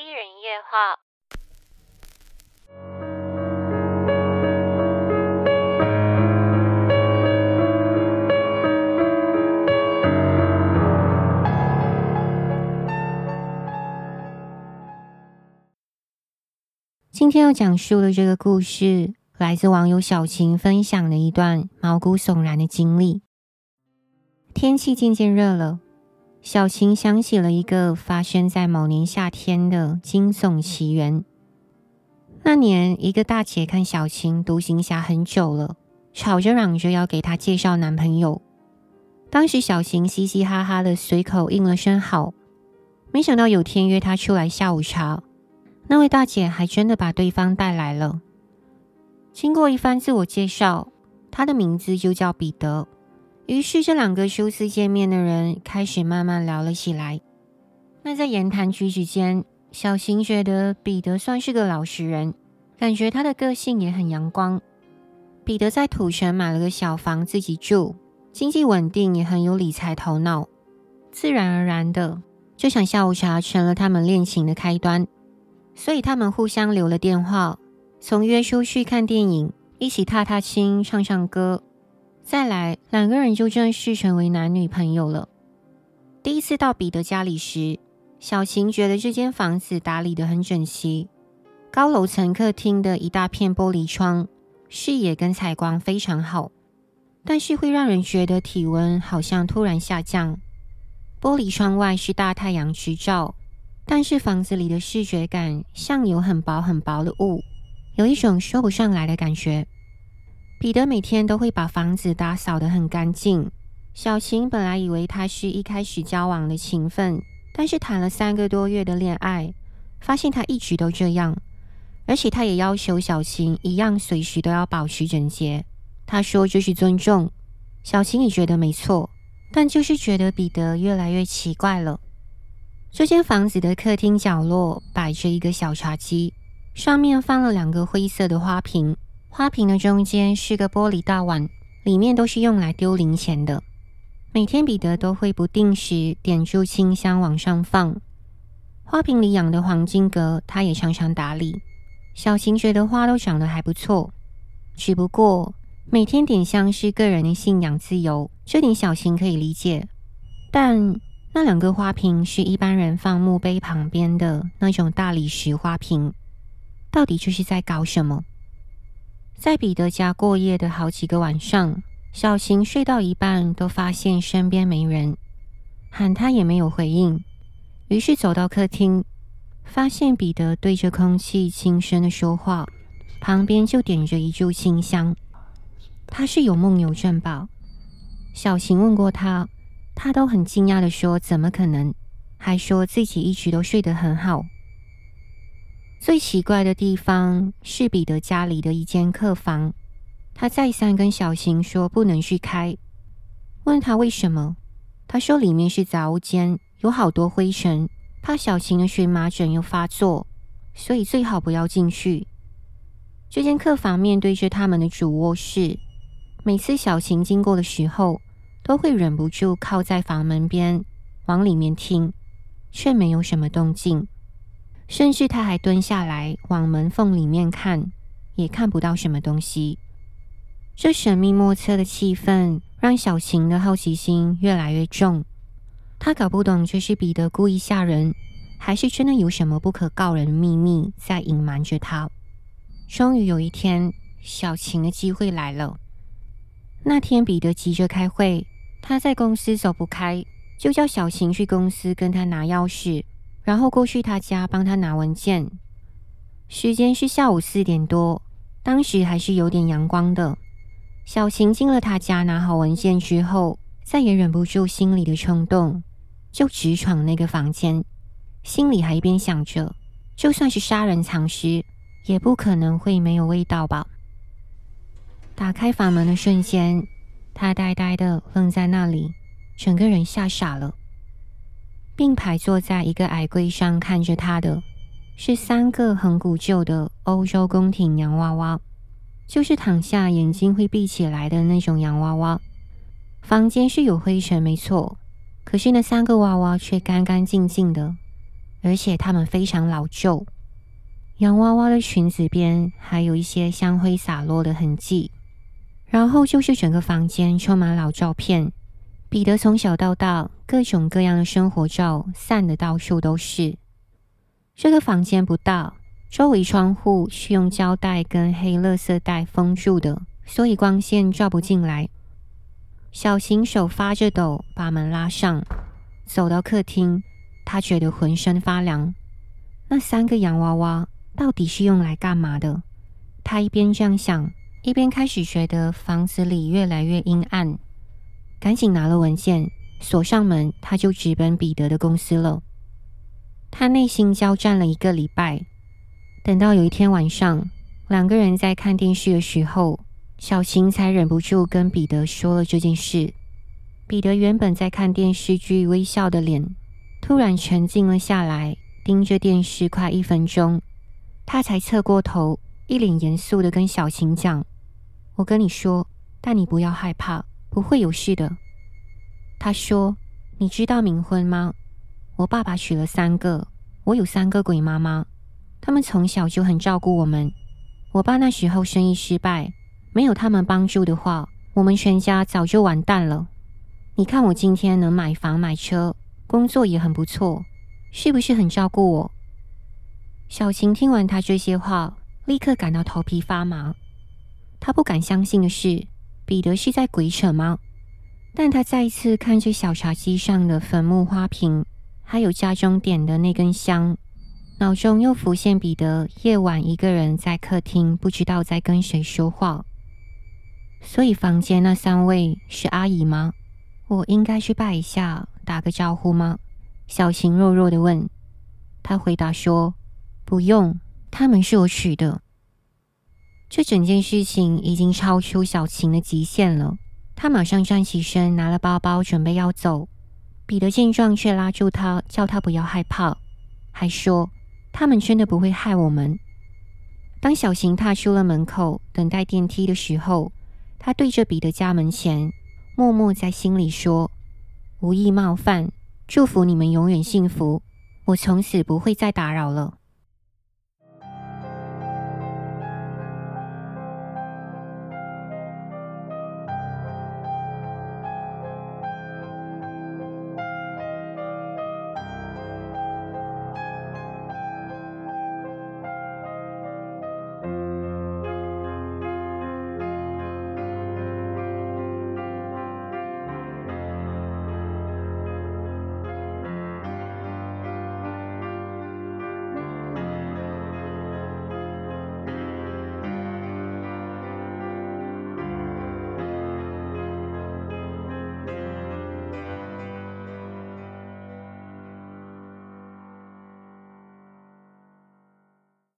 一人夜話。今天要講述的這個故事，來自網友小晴分享的一段毛骨悚然的經歷。天氣漸漸熱了。小晴想起了一個發生在某年夏天的驚悚奇緣。那年，一個大姐看小晴獨行俠很久了，吵着嚷着要給她介紹男朋友。當時小晴嘻嘻哈哈的隨口應了聲好，沒想到有天約她出來下午茶，那位大姐還真的把對方帶來了。經過一番自我介紹，她的名字就叫彼得。於是，這兩個初次見面的人開始慢慢聊了起來。那在言談舉止間，小晴覺得彼得算是個老實人，感覺他的個性也很陽光。彼得在土城買了個小房自己住，經濟穩定也很有理財頭腦，自然而然的，就想下午茶成了他們戀情的開端。所以，他們互相留了電話，從約出去看電影，一起踏踏青，唱唱歌。再來，兩個人就正式成為男女朋友了。第一次到彼得家裡時，小晴覺得這間房子打理得很整齊，高樓層客廳的一大片玻璃窗，視野跟採光非常好，但是會讓人覺得體溫好像突然下降。玻璃窗外是大太陽直照，但是房子裡的視覺感像有很薄很薄的霧，有一種說不上來的感覺。彼得每天都會把房子打掃得很乾淨。小晴本來以為他是一開始交往的情分，但是談了三個多月的戀愛，發現他一直都這樣，而且他也要求小晴一樣隨時都要保持整潔。他說這是尊重。小晴也覺得沒錯，但就是覺得彼得越來越奇怪了。這間房子的客廳角落擺着一個小茶幾，上面放了兩個灰色的花瓶。花瓶的中間是個玻璃大碗，裡面都是用來丟零錢的。每天彼得都會不定時點炷清香往上放。花瓶裡養的黃金葛，他也常常打理。小晴覺得花都長得還不錯，只不過每天點香是個人的信仰自由，這點小晴可以理解。但那兩個花瓶是一般人放墓碑旁邊的那種大理石花瓶，到底就是在搞什麼？在彼得家過夜的好幾個晚上，小晴睡到一半都發現身邊沒人，喊他也沒有回應，於是走到客廳，發現彼得對着空氣輕聲的說話，旁邊就點着一炷清香。他是有夢遊症吧？小晴問過他，他都很驚訝的說：“怎麼可能？”還說自己一直都睡得很好。最奇怪的地方是彼得家裡的一間客房，他再三跟小晴說不能去開，問他為什麼，他說裡面是雜物間，有好多灰塵，怕小晴的蕁麻疹又發作，所以最好不要進去。這間客房面對着他們的主臥室，每次小晴經過的時候，都會忍不住靠在房門邊往裡面聽，卻沒有什麼動靜。甚至他還蹲下來往門縫裡面看，也看不到什麼東西。這神秘莫測的氣氛讓小晴的好奇心越來越重。他搞不懂這是彼得故意嚇人，還是真的有什麼不可告人的秘密在隱瞞着他。終於有一天，小晴的機會來了。那天彼得急着開會，他在公司走不開，就叫小晴去公司跟他拿鑰匙。然後過去他家幫他拿文件，時間是下午四點多，當時還是有點陽光的。小晴進了他家拿好文件之後，再也忍不住心裡的衝動，就直闖那個房間，心裡還一邊想着，就算是殺人藏屍，也不可能會沒有味道吧。打開房門的瞬間，他呆呆的愣在那裡，整個人嚇傻了。並排坐在一個矮櫃上看着他的是三個很古舊的歐洲宮廷洋娃娃，就是躺下眼睛會閉起來的那種洋娃娃。房間是有灰塵，沒錯，可是那三個娃娃卻乾乾淨淨的，而且它們非常老舊。洋娃娃的裙子邊還有一些香灰灑落的痕跡，然後就是整個房間充滿老照片。彼得從小到大，各種各樣的生活照散得到處都是。這個房間不大，周圍窗戶是用膠帶跟黑垃圾袋封住的，所以光線照不進來。小晴手發着抖，把門拉上，走到客廳，他覺得渾身發涼。那三個洋娃娃到底是用來幹嘛的？他一邊這樣想，一邊開始覺得房子裡越來越陰暗。趕緊拿了文件，鎖上門，他就直奔彼得的公司了。他內心交戰了一個禮拜，等到有一天晚上，兩個人在看電視的時候，小晴才忍不住跟彼得說了這件事。彼得原本在看電視劇，微笑的臉突然沉靜了下來，盯着電視快一分鐘，他才側過頭，一臉嚴肅的跟小晴講：“我跟你說，但你不要害怕。”不會有事的，他說：“你知道冥婚嗎？我爸爸娶了三個，我有三個鬼媽媽，他們從小就很照顧我們。我爸那時候生意失敗，沒有他們幫助的話，我們全家早就完蛋了。你看我今天能買房買車，工作也很不錯，是不是很照顧我？”小晴聽完他這些話，立刻感到頭皮發麻。她不敢相信的是。彼得是在鬼扯嗎？但他再次看着小茶幾上的墳墓花瓶，還有家中點的那根香，腦中又浮現彼得夜晚一個人在客廳，不知道在跟誰說話。所以房間那三位是阿姨嗎？我應該去拜一下，打個招呼嗎？小晴弱弱的問。他回答說：“不用，他們是我娶的。”這整件事情已經超出小晴的極限了。他馬上站起身，拿了包包，準備要走。彼得見狀，卻拉住他，叫他不要害怕，還說他們真的不會害我們。當小晴踏出了門口，等待電梯的時候，他對着彼得家門前，默默在心裡說：“無意冒犯，祝福你們永遠幸福。我從此不會再打擾了。”